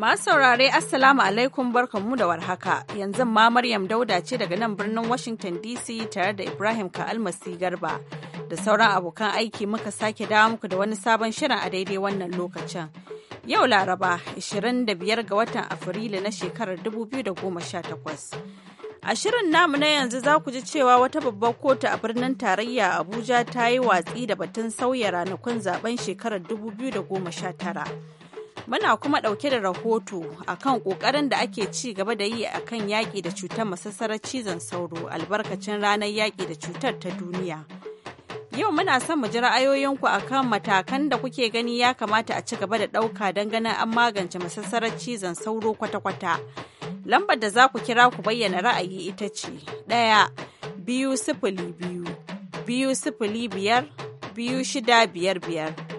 Masu saurare Assalamu alaikum barkanmu da warhaka. Yanzu ma Maryam Dauda ce daga nan birnin Washington DC tare da Ibrahim Ka'almasi Garba da sauran abokan aiki muka sake dawo muku da wani sabon shirin a daidai wannan lokacin. Yau Laraba 25 ga watan Afrilu na shekarar 2018. A shirin namu na yanzu za ku ji cewa wata babbar kotu a birnin tarayya Abuja ta yi watsi da batun sauya ranakun zaben shekarar 2019. Muna kuma ɗauke da rahoto akan ƙoƙarin da ake ci gaba da yi akan yaƙi da cutar masassarar cizon sauro albarkacin ranar yaƙi da cutar ta duniya. Yau muna son mu ji ra'ayoyinku akan matakan da kuke gani ya kamata a ci gaba da ɗauka don ganin an magance masassarar cizon sauro kwata-kwata. Lambar da za ku kira ku bayyana ra'ayi ita ce ɗaya biyu sifili biyu biyu sifili biyar biyu shida biyar biyar.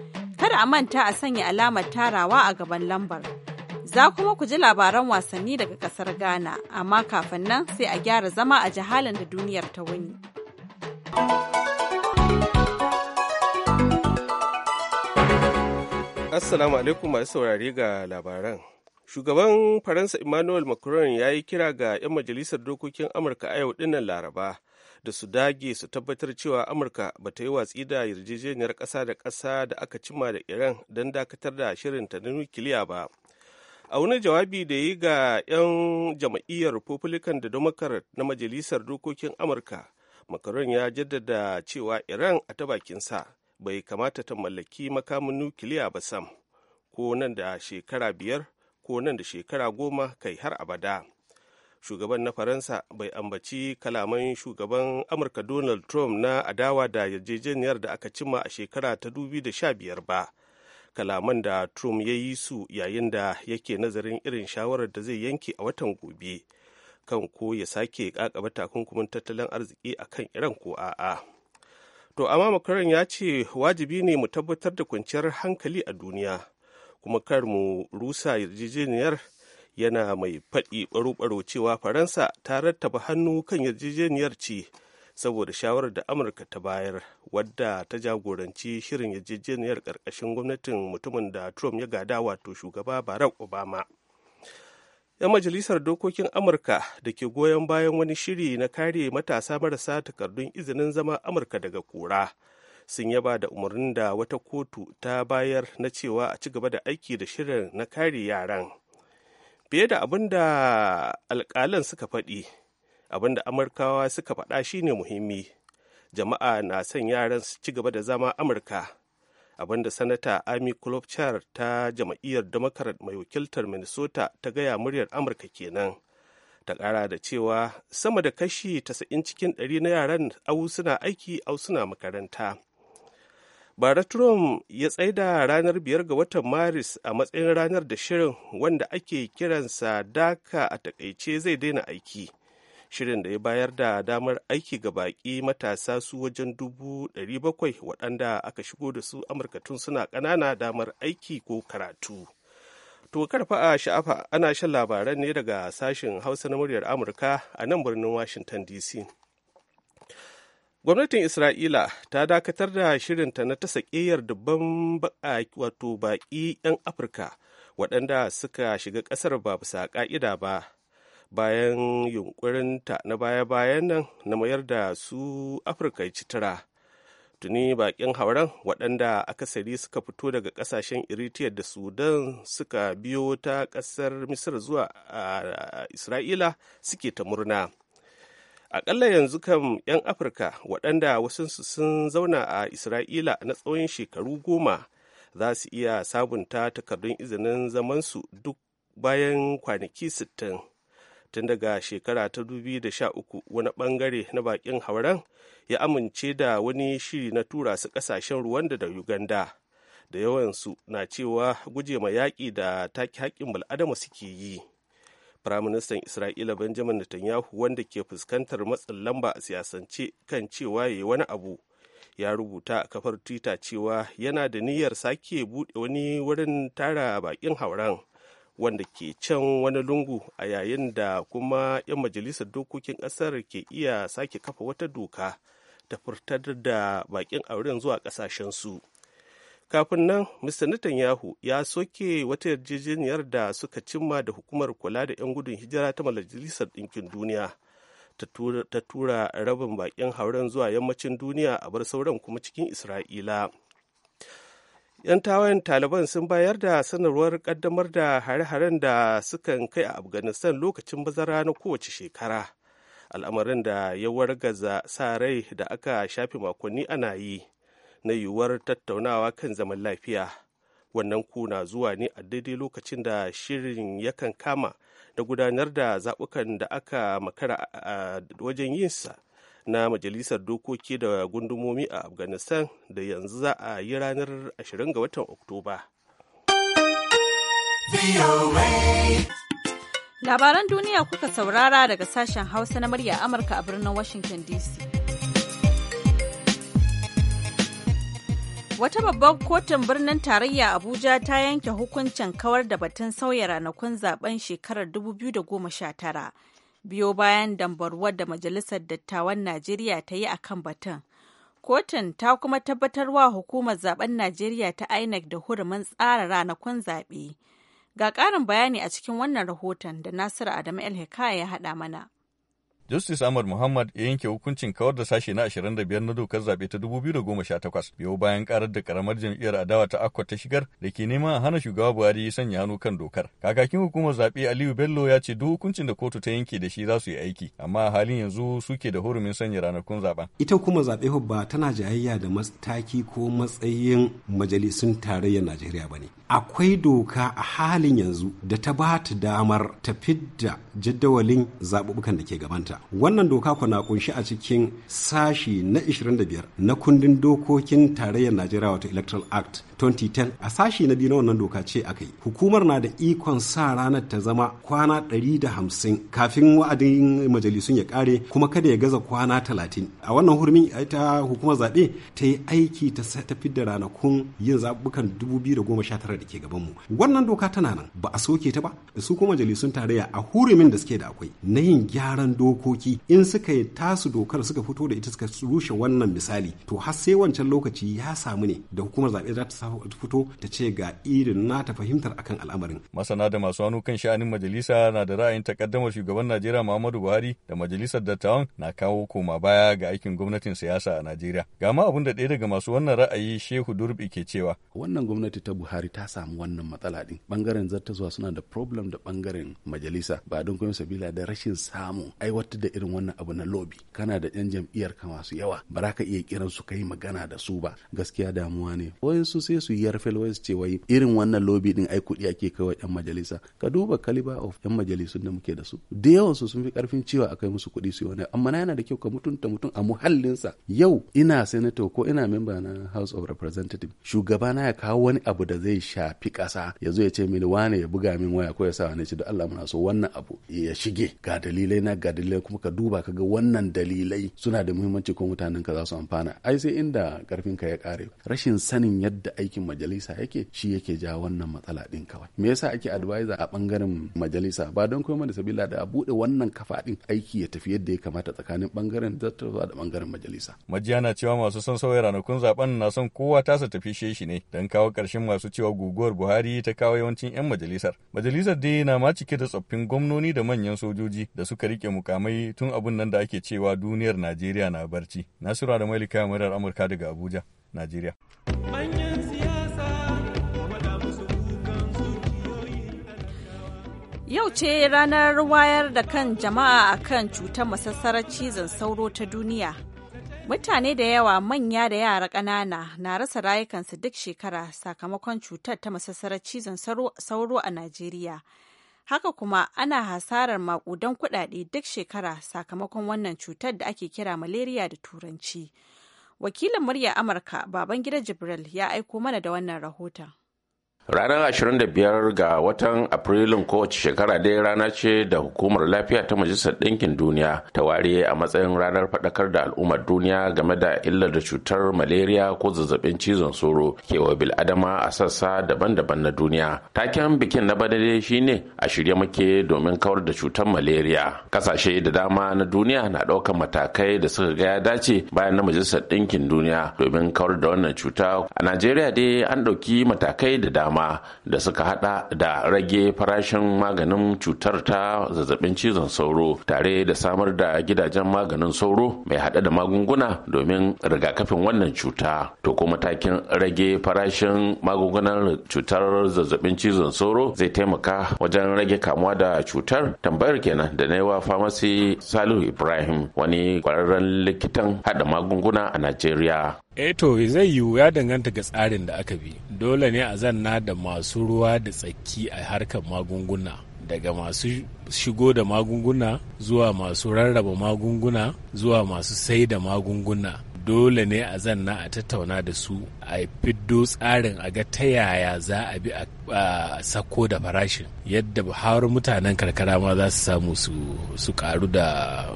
Kada a manta a sanya alamar tarawa a gaban lambar. Za kuma ku ji labaran wasanni daga kasar Ghana, amma kafin nan sai a gyara zama a jihalin da duniyar ta wuni. Assalamu alaikum masu saurare ga labaran. Shugaban Faransa Emmanuel Macron ya yi kira ga 'yan majalisar dokokin Amurka a yau dinnan Laraba. da su dage su tabbatar cewa amurka ba ta yi watsi da yarjejeniyar ƙasa da ƙasa da aka cima da iran don dakatar da shirinta na nukiliya ba a wani jawabi da yi ga 'yan jam'iyyar republican da democrat na majalisar dokokin amurka makaron ya jaddada cewa iran a ta bakinsa bai kamata ta mallaki makamin nukiliya ba sam ko nan da shekara biyar ko nan da shekara goma kai har abada shugaban na faransa bai ambaci kalaman shugaban amurka donald trump na adawa da yarjejeniyar da aka cimma a shekara ta da sha biyar ba kalaman da trump ya yi su yayin da yake nazarin irin shawarar da zai yanke a watan gobe kan ko ya sake kakaba takunkumin tattalin arziki a kan iran ko a'a to amma makarin ya ce wajibi ne mu tabbatar da kwanciyar hankali a duniya kuma kar mu rusa yarjejeniyar yana mai faɗi ɓaro-ɓaro cewa faransa ta rattaba hannu kan yarjejeniyar ce saboda shawarar da amurka ta bayar wadda ta jagoranci shirin yarjejeniyar ƙarƙashin gwamnatin mutumin da trump ya gada wato shugaba barack obama 'yan majalisar dokokin amurka da ke goyon bayan wani shiri na kare matasa marasa takardun izinin zama amurka daga kura sun yaba da umarnin da wata kotu ta bayar na cewa a ci gaba da aiki da shirin na kare yaran fiye da abin da alƙalan suka faɗi abin da amurkawa suka faɗa shine muhimmi jama'a na son yaran su ci gaba da zama amurka abin da sanata amy klobuchar ta jam'iyyar democrat mai wakiltar minnesota ta gaya muryar amurka kenan ta ƙara da cewa sama da kashi 90 cikin 100 na yaran au suna aiki au suna makaranta bara trump ya tsaida ranar biyar ga watan maris a matsayin ranar da shirin wanda ake kiransa daka a takaice zai daina aiki shirin da ya bayar da damar aiki ga baƙi matasa su wajen dubu ɗari bakwai waɗanda aka shigo da su amurka tun suna ƙanana damar aiki ko karatu to karfa a sha'afa ana shan labaran ne daga sashen hausa na muryar amurka a nan birnin washington dc gwamnatin isra'ila ta dakatar da shirinta na tasa ƙeyar dubban wato baƙi 'yan afirka waɗanda suka shiga ƙasar ba bisa ƙa'ida ba bayan yunkurinta na baya-bayan nan na mayar da su afirka citira tuni baƙin hauren waɗanda akasari suka fito daga ƙasashen eritrea da sudan suka biyo ta ƙasar misir zuwa isra'ila suke ta murna akalla yanzu kan 'yan afirka waɗanda wasu sun zauna a isra'ila na tsawon shekaru goma za su iya sabunta takardun izinin zamansu duk bayan kwanaki 60 tun daga shekara ta 2013 wani bangare na bakin hauran, ya amince da wani shiri na tura su kasashen ruwanda da uganda da yawansu na cewa guje ma yaƙi da take haƙƙin bal'adama suke yi Firaministan Isra'ila Benjamin Netanyahu wanda ke fuskantar matsin lamba a siyasance kan cewa ya wani abu ya rubuta a kafar Twitter cewa yana da niyyar sake bude wani wurin tara bakin hauren wanda ke can wani lungu a yayin da kuma 'yan majalisar dokokin kasar ke iya sake kafa wata doka ta furtar da bakin auren zuwa kasashensu. su. kafin nan mr netanyahu ya soke wata yarjejeniyar da suka cimma da hukumar kula da 'yan gudun hijira ta majalisar ɗinkin duniya ta tura rabin bakin hauren zuwa yammacin duniya a bar sauran kuma cikin isra'ila 'yan tawayen taliban sun bayar da sanarwar kaddamar da hare-haren da sukan kai a afghanistan lokacin bazara na kowace shekara al'amarin da ya wargaza sa rai da aka shafe makonni ana yi na yiwuwar tattaunawa kan zaman lafiya wannan kuna zuwa ne a daidai lokacin da shirin yakan kama da gudanar da zaɓukan da aka makara a wajen yinsa na majalisar dokoki da gundumomi a afghanistan da yanzu za a yi ranar 20 ga watan oktoba labaran duniya kuka saurara daga sashen hausa na murya amurka a birnin washington dc Wata babbar kotun birnin tarayya Abuja ta yanke hukuncin kawar da batun sauya ranakun zaben shekarar 2019 biyo bayan dambarwar da Majalisar Dattawan Najeriya ta yi akan batun. Kotun ta kuma tabbatarwa hukumar zaben Najeriya ta INEC da hurumin tsara ranakun zaɓe. Ga ƙarin bayani a cikin wannan rahoton da Nasiru Adamu El ya haɗa mana. Justice Ahmad Muhammad ya yanke hukuncin kawar da sashe na 25 na dokar zaɓe ta 2018 biyo bayan karar da karamar jam'iyyar adawa ta Akwa ta shigar da ke neman a hana shugaba Buhari sanya hannu kan dokar. Kakakin hukumar zaɓe Aliyu Bello ya ce duk hukuncin da kotu ta yanke da shi za su yi aiki amma a halin yanzu suke da hurumin sanya ranakun zaɓen. Ita kuma zaɓe ba tana jayayya da mataki ko matsayin majalisun tarayyar Najeriya ba ne. Akwai doka a halin yanzu da ta ba ta damar ta fidda jadawalin zaɓuɓɓukan da ke gabanta. wannan doka na kunshi a cikin sashi na 25 na kundin dokokin tarayyar najeriya wato electoral act 2010 a sashi na biyu na wannan doka ce aka yi hukumar na da ikon sa ranar ta zama kwana 150 kafin wa'adin majalisun ya kare kuma kada ya gaza kwana 30 a wannan hurmin ita hukumar zaɓe ta yi aiki ta tafi da ranakun yin zabukan 2019 da ke gabanmu wannan doka tana nan ba a soke ta ba su kuma majalisun tarayya a hurumin da suke da akwai na yin gyaran doko dokoki in suka yi tasu dokar suka fito da ita suka rushe wannan misali to har sai wancan lokaci ya samu ne da hukumar zaɓe za ta fito ta ce ga irin na ta fahimtar akan al'amarin. Masana da masu hannu kan sha'anin majalisa na da ra'ayin takaddamar shugaban Najeriya Muhammadu Buhari da majalisar dattawan na kawo koma baya ga aikin gwamnatin siyasa a Najeriya. Ga ma abin da ɗaya daga masu wannan ra'ayi Shehu Durbi ke cewa. Wannan gwamnati ta Buhari ta samu wannan matsala ɗin. Bangaren zartaswa suna da problem da bangaren majalisa ba don kuma sabila da rashin samun aiwatar tabbatar da irin wannan abu na lobby kana da yan jam'iyyar ka masu yawa ba za ka iya kiran su kai magana da su ba gaskiya damuwa ne su sai su yi yarfel wayansu ce wai irin wannan lobby din ai kuɗi ake kawai yan majalisa ka duba kaliba of yan majalisun da muke da su da yawan su sun fi karfin cewa akai musu kuɗi su yi wani amma na yana da kyau ka mutunta mutum a muhallinsa yau ina senator ko ina memba na house of representative shugaba na ya kawo wani abu da zai shafi kasa ya zo ya ce mini wane ya buga min waya ko ya sa wani ce da Allah muna so wannan abu ya shige ga dalilai na ga dalilai kuma ka duba ka ga wannan dalilai suna da muhimmanci ko mutanen ka za su amfana ai sai inda karfin ka ya kare rashin sanin yadda aikin majalisa yake shi yake ja wannan matsala din kawai me yasa ake advisor a bangaren majalisa ba don koyar da sabila da a bude wannan kafa din aiki ya tafi yadda ya kamata tsakanin bangaren zattarwa da bangaren majalisa majiya na cewa masu son sauya ranakun zaben na son kowa tasa tafi sheshi ne don kawo karshen masu cewa guguwar Buhari ta kawo yawancin 'yan majalisar. Majalisar dai na ma cike da tsoffin gwamnoni da manyan sojoji da suka rike mukamai tun abun nan da ake cewa duniyar Najeriya na barci. Nasiru da Malika murar Amurka daga Abuja, Najeriya. Yau ce ranar wayar da kan jama'a a kan cutar masassarar cizon sauro ta duniya. Mutane da yawa manya da yara ƙanana na rasa rayukansu duk shekara sakamakon cutar ta masassarar cizon sauro a Najeriya. Haka kuma ana hasarar makudan kuɗaɗe duk shekara sakamakon wannan cutar da ake kira malaria da turanci. Wakilin murya Amurka baban gida Jibril ya aiko mana da wannan rahoton. Ranar 25 ga watan Afrilun kowace shekara dai rana ce da hukumar lafiya ta Majalisar Ɗinkin Duniya ta ware a matsayin ranar faɗakar da al'ummar duniya game da illar da cutar malaria ko zazzabin cizon sauro ke wa bil'adama a sassa daban-daban na duniya. Taken bikin na bada dai shine a shirya muke domin kawar da cutar malaria. Kasashe da dama na duniya na ɗaukar matakai da suka gaya dace bayan na Majalisar Ɗinkin Duniya domin kawar da wannan cuta. A Najeriya dai an ɗauki matakai da dama. ma da suka hada da rage farashin maganin cutar ta zazzabin cizon sauro tare da samar da gidajen maganin sauro mai hada da magunguna domin rigakafin wannan cuta to ko matakin rage farashin magungunan cutar zazzabin cizon sauro zai taimaka wajen rage kamuwa da cutar tambayar kenan da na wa famasi salihu ibrahim wani kwararren likitan hada magunguna a najeriya eto eh zai yiwu ya danganta ga tsarin da aka bi dole ne a zanna da masu ruwa da tsaki a harkar magunguna daga masu shigo da magunguna zuwa masu rarraba magunguna zuwa masu sai da magunguna dole ne a zanna a tattauna da su a fiddo tsarin a ga ta yaya za a bi a sako da farashin yadda har mutanen karkara ma za su samu su karu da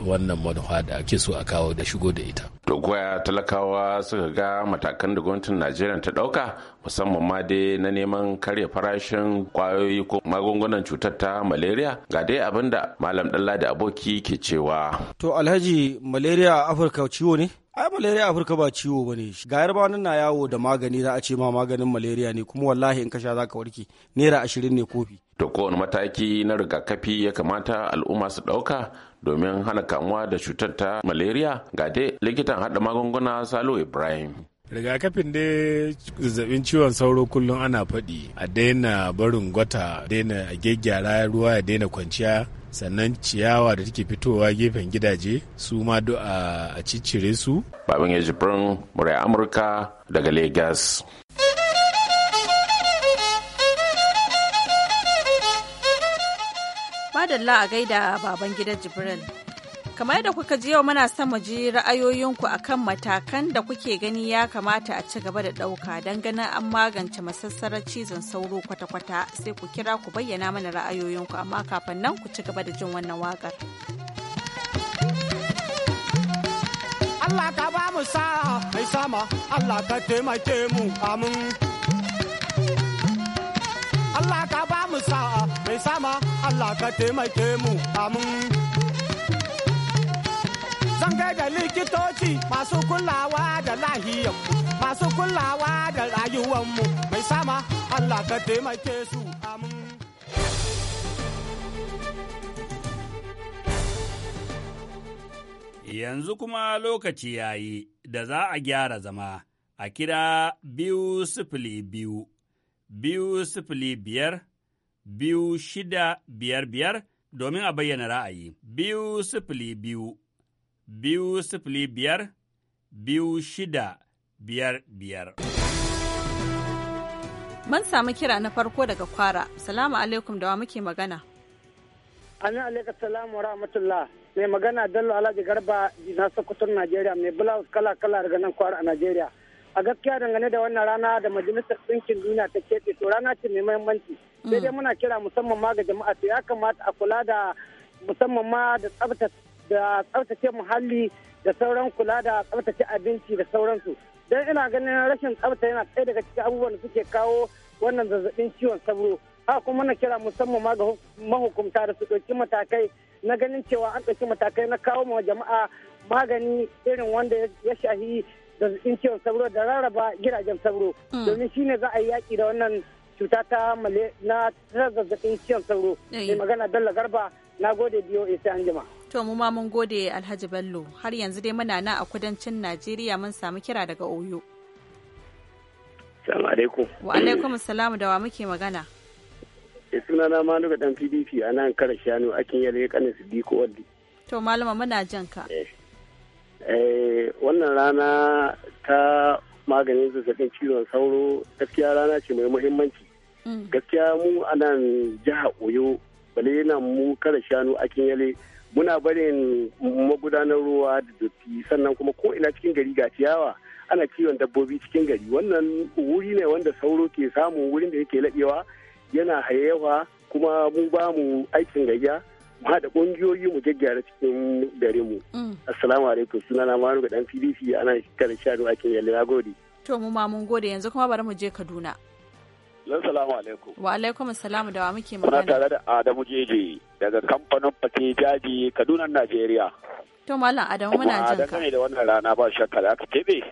wannan manufa da ake so a kawo da shigo da ita. Dogoya talakawa suka ga matakan da gwamnatin Najeriya ta ɗauka musamman ma dai na neman karya farashin kwayoyi ko magungunan cutar ta malaria ga dai abin da Malam Dalla da aboki ke cewa. To Alhaji malaria a Afirka ciwo ne? ai malaria afirka ba ciwo ba ne ga yarbawa na yawo da magani za a ce ma maganin malaria ne kuma wallahi in ka sha zaka warke naira ashirin ne kofi to kowane mataki na rigakafi ya kamata al'umma su ɗauka domin hana kamuwa da cutar ta malaria ga dai likitan haɗa magunguna salo ibrahim rigakafin dai zazzabin ciwon sauro kullum ana faɗi a daina barin gwata daina a gyaggyara ruwa ya daina kwanciya sannan ciyawa da take fitowa gefen gidaje su ma duk a ciccire su. Babin ya jibrin murai Amurka daga Legas. Madalla a gaida baban gidan Jibril. Kamar yadda kuka ji yau muna son mu ji ra'ayoyinku akan matakan da kuke gani ya kamata a ci gaba da ɗauka don ganin an magance masassarar cizon sauro kwata-kwata sai ku kira ku bayyana mana ra'ayoyinku amma kafin nan ku ci gaba da jin wannan waƙar. Allah ka ba mu sa'a mai sama Allah ka taimake mu amin. Allah ba mu sa'a mai sama Allah ka taimake mu amin. zan gaida likitoci masu kulawa da lahiyar, masu kulawa da rayuwanmu mai sama Allah ka taimake su amin. Yanzu kuma lokaci ya yi da za a gyara zama a kira biyu sifili biyu, biyu sifili biyar, biyu shida biyar biyar domin a bayyana ra'ayi, biyu sifili biyu. biyu sifili biyar biyu shida biyar biyar. Mun samu kira na farko daga kwara. Salamu alaikum da wa muke magana. Amin alaikum salam wa rahmatullah. Mai magana Dallo Alhaji Garba na Sokoton Najeriya mai blouse kala kala daga nan kwara a Najeriya. A gaskiya dangane da wannan rana da majalisar ɗinkin duniya ta keɓe to rana ce mai mahimmanci Sai dai mm. muna kira musamman ma ga jama'a to ya kamata a kula da musamman ma da tsabtace da tsaftace muhalli da sauran kula da tsaftace abinci da sauransu don ina ganin rashin tsafta yana ɗaya daga cikin abubuwan da suke kawo wannan zazzabin ciwon sauro haka kuma na kira musamman ma ga mahukumta da su ɗauki matakai na ganin cewa an ɗauki matakai na kawo ma jama'a magani irin wanda ya shahi zazzabin ciwon sauro da rarraba gidajen sauro mm. domin shine za a yi yaƙi da wannan cuta ta na zazzabin ciwon sauro mai magana dalla garba na gode biyo sai an jima. To mu ma mun gode Alhaji Bello har yanzu dai muna nan a kudancin Najeriya mun samu kira daga Oyo. Salamu alaikum. Wa alaikum salam da wa muke magana. E sunana Manu ga dan PDP a nan kare shanu akin yare kanin ko wadi To malama muna jan ka. Eh, eh wannan rana ta maganin zazzabin cizon sauro gaskiya rana ce mai muhimmanci. Mm. Gaskiya mu a nan jiha Oyo bale nan mu kare shanu akin yale. muna barin magudanar ruwa da dotti sannan kuma ko ina cikin gari ga ciyawa ana kiwon dabbobi cikin gari wannan wuri ne wanda sauro ke samu wurin da yake laɗewa yana hayewa kuma mu ba mu aikin gayya mu haɗa ƙungiyoyi mu gyaggyara cikin dare mu mm. assalamu alaikum sunana maru ga dan pdp ana karin shaɗu aikin yalle na gode to mu ma mun gode yanzu kuma bari mu je kaduna Assalamu alaikum. Wa alaikum salamu da wa muke magana. Muna tare da Adamu Jeje daga kamfanin Fate Jaji Kaduna Najeriya. To Malam Adamu muna jinka. ka. Kuma da wannan rana ba shakka da aka tebe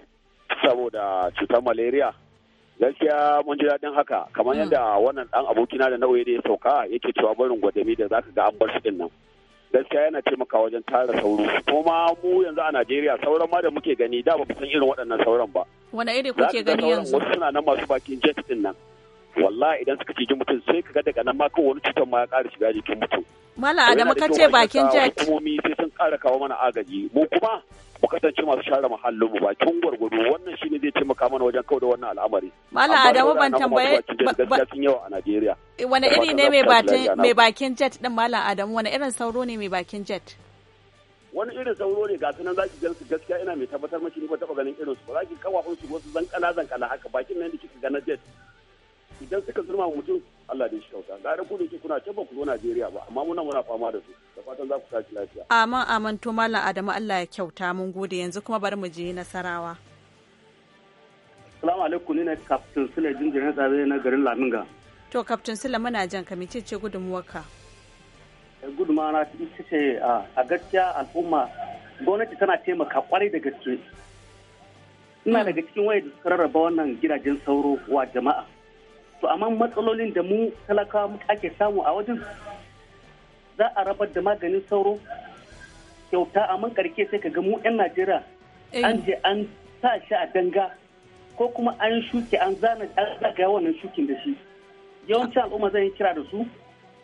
saboda cutar malaria. Gaskiya mun ji daɗin haka kamar mm. yadda wannan ɗan abokina da nauyi da ya sauka yake cewa barin gwadami da zaka ga an bar shi din nan. gaskiya yana taimaka wajen tara sauro kuma mu yanzu a Najeriya sauran ma da muke gani da ba san irin waɗannan sauran ba wani iri kuke gani yanzu wasu suna nan masu bakin jet din nan wallahi idan suka ciji mutum sai ka ga daga nan ma kawai wani cutar ma ya ƙara shiga jikin mutum mala adamu ka ce bakin jet hukumomi sai sun ƙara kawo mana agaji mu kuma mu kasance masu share muhallin mu bakin gwargwado wannan shine zai taimaka mana wajen kawo da wannan al'amari mala adamu ban tambaye sun yawa a Najeriya eh, wani iri ne mai bakin jet din mala adamu wani irin sauro ne mai bakin jet wani irin sauro ne ga sunan zaki gan su gaskiya ina mai tabbatar maki ni ba taba ganin irin su ba zaki kawafin su wasu zan zankala haka bakin nan da kika ga na jet idan suka zurma mutum Allah da shi kyauta ga da ku kuna can ba ku zo Najeriya ba amma muna muna fama da su da fatan za ku tashi lafiya amin amin to mallam Adamu Allah ya kyauta mun gode yanzu kuma bari mu je Nasarawa Assalamu alaikum ne Captain Sule jinjirin tsabe na garin Laminga to Captain Sule muna jan ka mece ce gudunmuwarka eh, gudunmawa na ita ce a gaskiya al'umma gwamnati tana taimaka kwarai da gaske ina hmm. daga cikin waye da suka rarraba wannan gidajen sauro wa jama'a to amma matsalolin da mu talakawa muka ake samu a wajen za a rabar da maganin sauro kyauta man karke sai ka ga mu 'yan najeriya eh. an je an sa shi a danga ko kuma an shuke an zana an zagaya wannan shukin da shi yawancin al'umma zan yi kira da su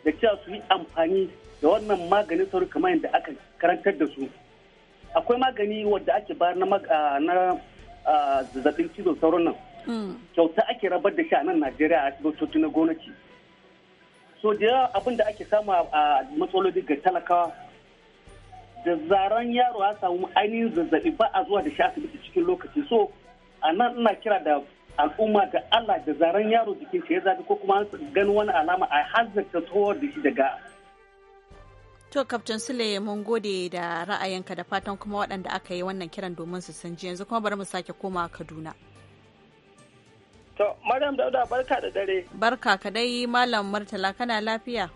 da cewa su yi amfani da wannan maganin sauro kamar yadda aka karantar da su akwai magani wadda ake bayar na ah, ah, zazzabin cizon sauron nan kyauta ake rabar da shi a nan najeriya a asibitoci na gwamnati so da yawa abin da ake samu a matsaloli ga talakawa da zaren yaro ya samu ainihin zazzabi ba a zuwa da shi asibiti cikin lokaci so a nan ina kira da al'umma da allah da zaren yaro jikin ya zabi ko kuma ganin wani alama a hanzarta tsohuwar da shi daga To, Kaftin Sule, mun gode da ra'ayinka da fatan kuma waɗanda aka yi wannan kiran domin su san ji yanzu kuma bari mu sake koma Kaduna. To, Maryam Dauda barka da dare. Barka ka dai Malam Murtala kana lafiya?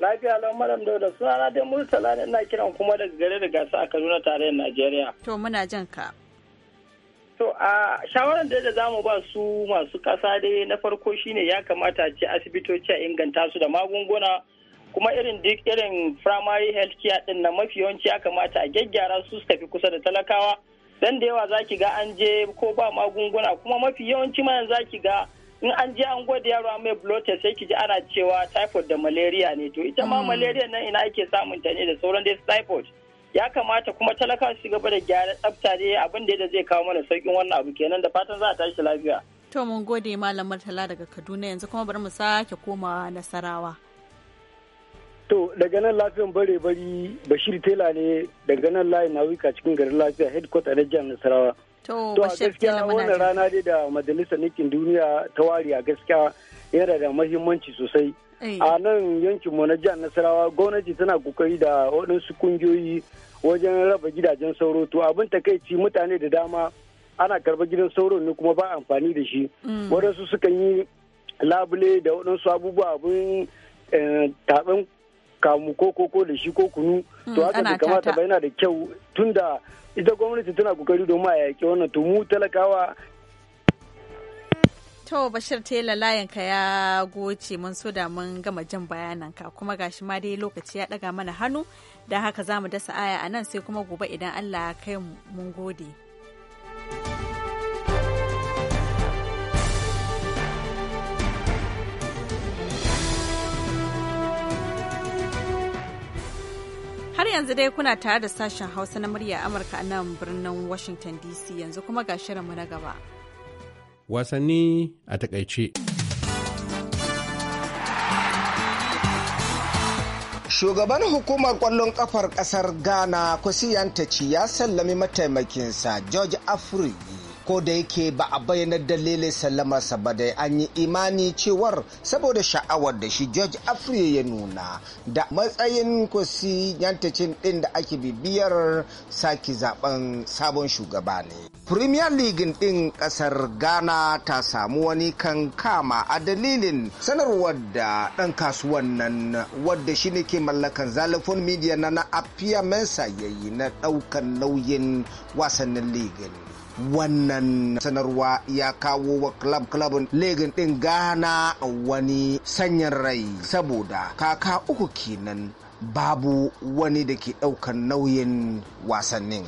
Lafiya lau Maryam Dauda sunana dai Murtala ne ina kiran kuma daga gare da gasa a Kaduna tarayyar Najeriya. To muna jin ka. To a shawarar da za mu ba su masu kasa dai na farko shine ya kamata ce asibitoci a inganta su da magunguna kuma irin duk irin primary health care din na mafi yawanci ya kamata a gyaggyara su su tafi kusa da talakawa. dan da yawa za ki ga an je ko ba magunguna kuma mafi yawanci ma yanzu za ki ga in an je an gwada yaro mai blood sai ki ji ana cewa typhoid da malaria ne to ita ma hmm. malaria nan ina ake samun ta ne da sauran dai typhoid ya kamata kuma talaka su gaba da gyara tsafta ne abin da zai kawo mana saukin wannan abu kenan da fatan za a tashi lafiya to mun gode malam tala daga Kaduna yanzu kuma bari mu sake komawa Nasarawa To daga nan lafiyan bare bari Bashir Tela ne daga nan layin nauyuka cikin garin lafiya headquarter na jihar Nasarawa. To a gaskiya wannan rana dai da majalisar nikin duniya ta wari a gaskiya yana da mahimmanci sosai. Eh. A nan yankin mu na jihar Nasarawa gwamnati tana kokari da waɗansu kungiyoyi wajen raba gidajen sauro to abin takaici mutane da dama ana karba gidan sauro ne kuma ba amfani da shi. Mm. Waɗansu sukan yi labule da waɗansu abubuwa abin eh, taɓin kamu ko koko da shi ko kunu hmm, to haka da kamata ba yana da kyau tunda ita gwamnati tana kokari domin a yaƙi wannan to mu talakawa To Bashir Tela ka ya goce mun so da mun gama jin bayananka kuma gashi ma dai lokaci ya daga mana hannu da haka za mu dasa aya a nan sai kuma gobe idan Allah ya kai mun gode. Har yanzu dai kuna tare da sashen Hausa na murya Amurka a nan birnin Washington DC yanzu kuma ga shirinmu na gaba. Wasanni a takaice. Shugaban hukumar kwallon kafar kasar Ghana Kwasiyanta ya sallami mataimakinsa George Afri ko da yake ba a bayyana dalilin sallamarsa ba dai an yi imani cewar saboda sha'awar da shi george afriya ya nuna da matsayin kusi yantacin din da ake bibiyar sake zaben sabon shugaba ne premier league din kasar ghana ta samu wani kan kama a dalilin sanarwar da dan kasuwan nan wadda shi ne ke mallakan zalafin midiya na na apia mensa yi na daukan nauyin wasannin ligin wannan sanarwa ya kawo wa club clubin legin din gana wani sanyin rai saboda kaka uku kenan babu wani da ke ɗaukan nauyin wasannin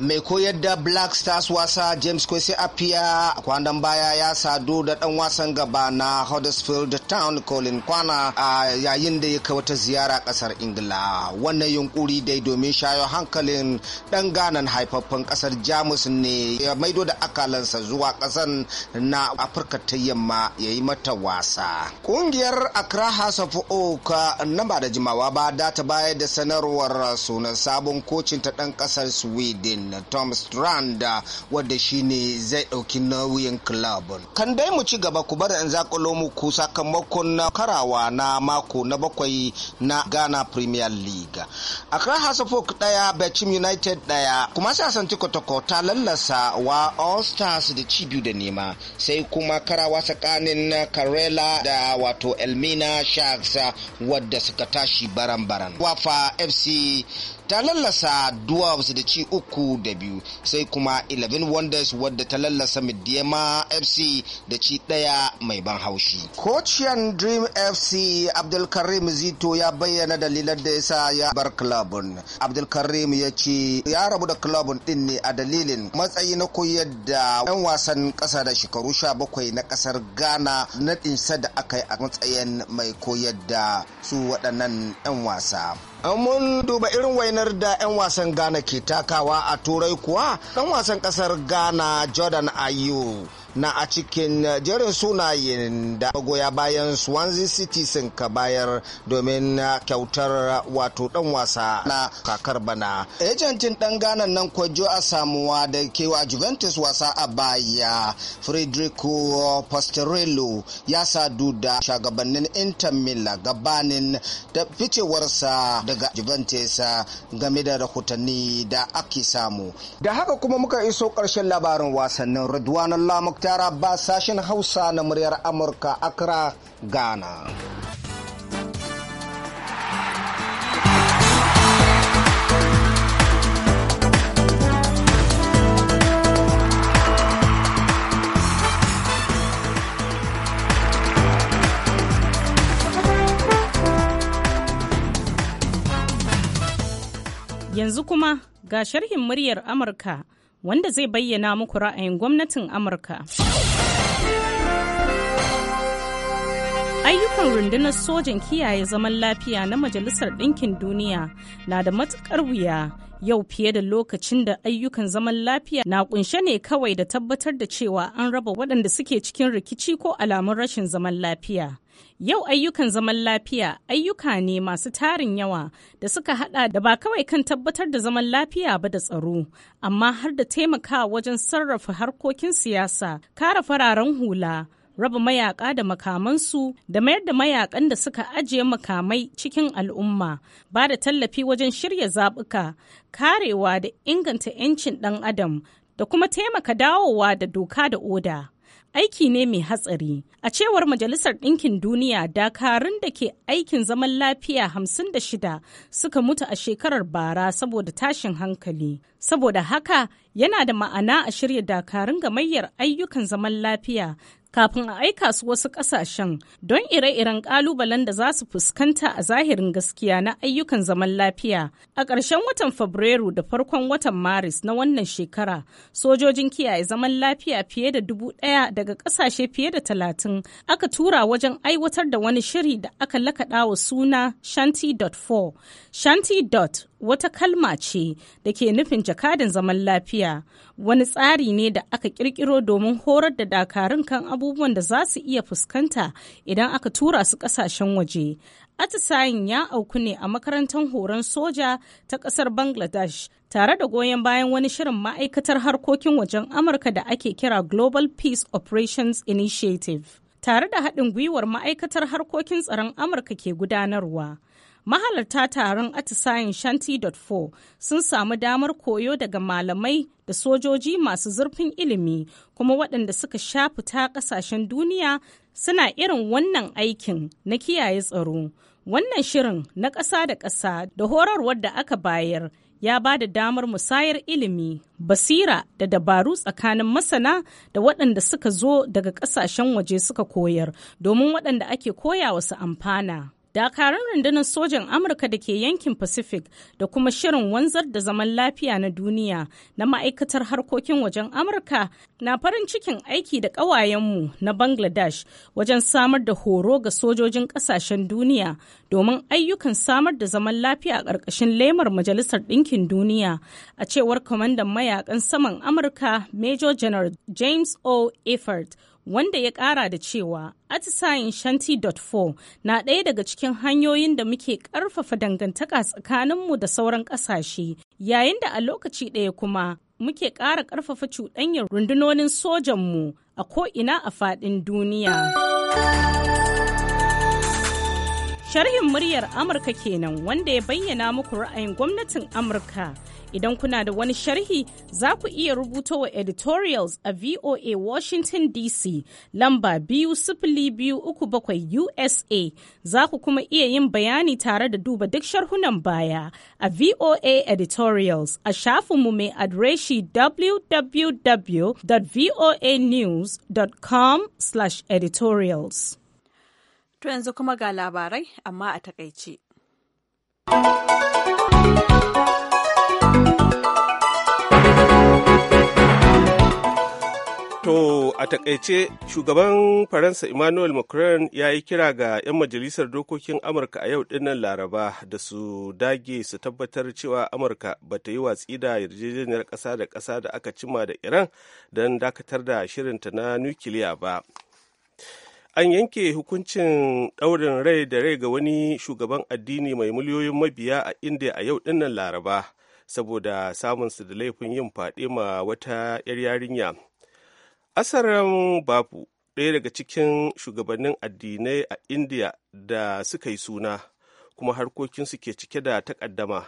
mai koyar da black stars wasa james kwesi apia kwanan baya ya sadu da dan wasan gaba na huddersfield town colin kwana a yayin da ya kai wata ziyara kasar ingila wannan yunkuri dai domin shayo hankalin dan ganan haifaffen kasar jamus ne ya maido da akalansa zuwa kasan na afirka ta yamma ya yi mata wasa kungiyar accra house of oak nan ba da jimawa ba da ta bayar da sanarwar sunan sabon kocin ta dan kasar sweden na tom strand wadda shine zai ɗauki nauyin club kan dai mu ci gaba ku bari in zakulo muku sakamakon na karawa na mako na bakwai na ghana premier league accra hasafok ɗaya bechim united ɗaya kuma sasan tikotoko ta lallasa wa all stars da ci da nema sai kuma karawa tsakanin karela da wato elmina sharks wadda suka tashi baran-baran wafa fc ta lallasa Dwarfs da ci uku da biyu sai kuma 11 Wonders wadda ta lallasa Midiyama FC da ci daya mai ban haushi. Kociyan Dream FC Abdulkarim Zito ya bayyana dalilan da yasa ya bar klabun. Abdulkarim ya ce ya rabu da klabun din ne a dalilin matsayi na koyar da 'yan wasan kasa da shekaru 17 na kasar Ghana na da aka yi a matsayin mai koyar da su waɗannan 'yan wasa. mun duba irin wainar da 'yan wasan ghana ke takawa a turai kuwa dan wasan kasar ghana jordan ayu. na a cikin eh, jerin sunayen da magoya bayan swansea city sun ka bayar domin eh, kyautar eh, wato dan wasa na kakar bana ejentin dan gana nan kwajo a samuwa da kewa juventus wasa a baya frederico posterello ya sadu da shagabannin inter milan gabanin da ficewarsa daga juventus game da rahotanni da ake samu da haka kuma muka iso karshen labarin wasannin ridwan lamuk Tara ba sashen Hausa na muryar Amurka akra Ghana. Yanzu kuma ga sharhin muryar Amurka. wanda zai bayyana muku ra'ayin gwamnatin Amurka. ayyukan rundunar sojan kiyaye zaman lafiya na majalisar ɗinkin duniya na da matuƙar wuya yau fiye da lokacin da ayyukan zaman lafiya na kunshe ne kawai da tabbatar da cewa an raba waɗanda suke cikin rikici ko alamun rashin zaman lafiya Yau ayyukan zaman lafiya ayyuka ne masu tarin yawa da suka hada da ba kawai kan tabbatar da zaman lafiya ba da tsaro, amma har da taimaka wajen sarrafa harkokin siyasa, kara fararen hula, raba mayaka da makamansu da mayar da mayakan da suka ajiye makamai cikin al'umma, ba da tallafi wajen shirya zabuka, karewa da inganta 'yancin ɗan adam da kuma taimaka dawowa da doka da oda. aiki ne mai hatsari. A cewar Majalisar Ɗinkin Duniya, dakarun da ke aikin zaman lafiya hamsin da shida suka mutu a shekarar bara saboda tashin hankali. Saboda haka, yana da ma'ana a shirya dakarun gamayyar ayyukan zaman lafiya kafin a aika su wasu ƙasashen don ire-iren ƙalubalen da za su fuskanta a zahirin gaskiya na ayyukan zaman lafiya. A ƙarshen watan Fabrairu da farkon watan Maris na wannan shekara, sojojin kiyaye zaman lafiya fiye da dubu ɗaya daga ƙasashe fiye da talatin aka tura wajen aiwatar da wani shiri da aka lakaɗa wa suna Shanti.4. Shanti. wata kalma ce da ke nufin jakadin zaman lafiya wani tsari ne da aka kirkiro domin horar da dakarun kan abubuwan da za su iya fuskanta idan aka tura su kasashen waje atisayin ya auku ne a makarantar horon soja ta kasar bangladesh tare da goyon bayan wani shirin ma'aikatar harkokin wajen amurka da ake kira global peace operations initiative tare da haɗin gwiwar ma'aikatar harkokin tsaron amurka ke gudanarwa mahalarta taron atisayen shanti.4 sun samu damar koyo daga malamai da sojoji masu zurfin ilimi kuma waɗanda suka sha fita ƙasashen duniya suna irin wannan aikin na kiyaye tsaro wannan shirin na ƙasa da ƙasa da horarwar da aka bayar ya ba da damar musayar ilimi basira da dabaru tsakanin masana da waɗanda suka zo daga ƙasashen waje suka koyar domin waɗanda ake koya wasu amfana. dakarun rundunar sojan amurka da ke yankin pacific da kuma shirin wanzar da zaman lafiya na duniya na ma'aikatar harkokin wajen amurka na farin cikin aiki da ƙawayenmu na bangladesh wajen samar da horo ga sojojin ƙasashen duniya domin ayyukan samar da zaman lafiya a ƙarƙashin lemar majalisar ɗinkin duniya a cewar kwamandan mayakan saman amurka major general james o effort wanda ya kara da cewa atisayin shanti.4 na ɗaya daga cikin hanyoyin da muke ƙarfafa dangantaka tsakaninmu da sauran ƙasashe yayin da a lokaci ɗaya kuma muke ƙara ƙarfafa cuɗanyar rundunonin sojanmu a ko'ina a faɗin duniya. Sharhin muryar Amurka kenan wanda ya bayyana muku ra'ayin gwamnatin Amurka Idan kuna da wani sharhi za ku iya rubuto wa editorials a VOA Washington DC lamba biyu biyu uku bakwai USA za ku kuma iya yin bayani tare da duba duk sharhunan baya a VOA editorials a shafinmu mai adireshi www.voanews.com/editorials. To yanzu kuma ga labarai amma a takaice. To a takaice shugaban Faransa Emmanuel Macron ya yi kira ga 'yan majalisar dokokin Amurka a yau dinnan Laraba da su dage su tabbatar cewa Amurka ba ta yi watsi da yarjejeniyar kasa da kasa da aka cima da Iran don dakatar da shirinta na nukiliya ba. An yanke hukuncin ɗaurin rai da rai ga wani shugaban addini mai miliyoyin mabiya a India a yau dinnan Laraba saboda su da laifin yin faɗi ma wata 'yar yarinya. asaran babu ɗaya daga cikin shugabannin addinai a indiya da suka yi suna kuma harkokinsu ke cike da takaddama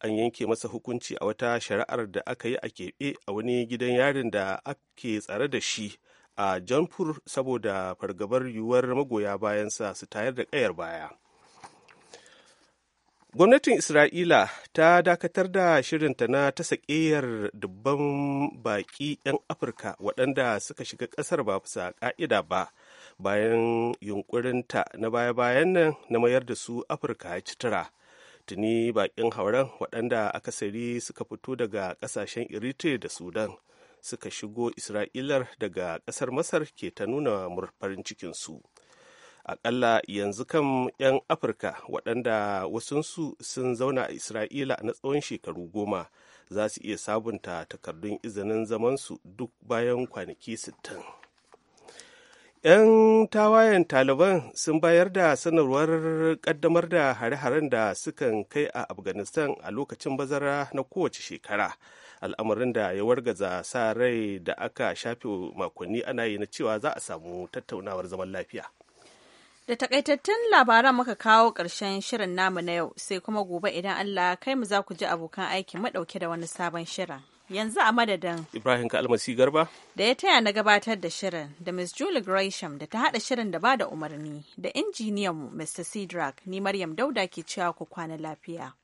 an yanke masa hukunci a wata shari'ar da aka yi a keɓe a wani gidan yarin da ake tsare da shi a jampur saboda fargabar yiwuwar magoya bayansa su tayar da ƙayar baya gwamnatin isra'ila ta dakatar da shirinta na ta sakeyar dubban baƙi 'yan afirka waɗanda suka shiga ƙasar ba bisa ƙa'ida ba bayan yunkurinta na baya-bayan nan na mayar da su afirka tara tuni baƙin hauren waɗanda akasari suka fito daga ƙasashen eritrea da sudan suka shigo isra'ilar daga ƙasar masar ke ta nuna murfarin cikinsu. su akalla yanzu kan 'yan afirka waɗanda wasunsu sun zauna a isra'ila na tsawon shekaru goma za su iya sabunta takardun izinin zamansu duk bayan kwanaki 60 'yan tawayen taliban sun bayar da sanarwar kaddamar da hare-haren da sukan kai a afghanistan a lokacin bazara na kowace shekara al'amarin da ya wargaza sa rai da aka shafe makonni ana yi na cewa za a samu tattaunawar zaman lafiya Da takaitattun labaran muka kawo ƙarshen shirin namu na yau sai kuma gobe idan Allah kai mu za ku ji abokan aiki madauke da wani sabon shirin. Yanzu a madadin Ibrahim Kalmasi Garba da ya taya na gabatar da shirin da Miss Julie Gresham da ta haɗa shirin da ba da umarni da injiniyan Mr. Sidrak ni Maryam Dauda ke cewa ku kwana lafiya.